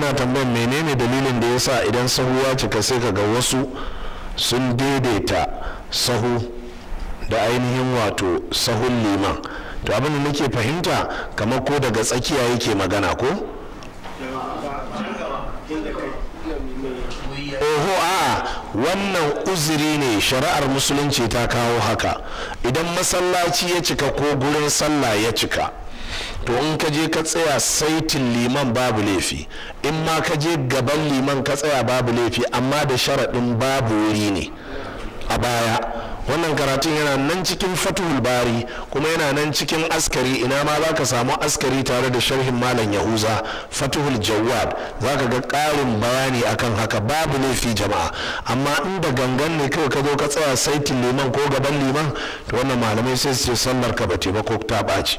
yana tambayar menene dalilin da ya sa idan sahu ya cika sai kaga wasu sun daidaita sahu da ainihin wato sahun liman to abin da nake fahimta kamar ko daga tsakiya yake magana ko oho a wannan uzuri ne shari'ar musulunci ta kawo haka idan masallaci ya cika ko gurin sallah ya cika to in ka je ka tsaya saitin liman babu laifi in ma ka je gaban liman ka tsaya babu laifi amma da sharaɗin babu wuri ne a baya wannan karatun yana nan cikin fatuhul bari kuma yana nan cikin askari ina ma za ka samu askari tare da sharhin malam yahuza fatuhul jawad za ka ga ƙarin bayani akan haka babu laifi jama'a amma inda gangan ne kawai ka zo ka tsaya saitin liman ko gaban liman to wannan malamai sai su ce sallar ka ba ko ta ɓaci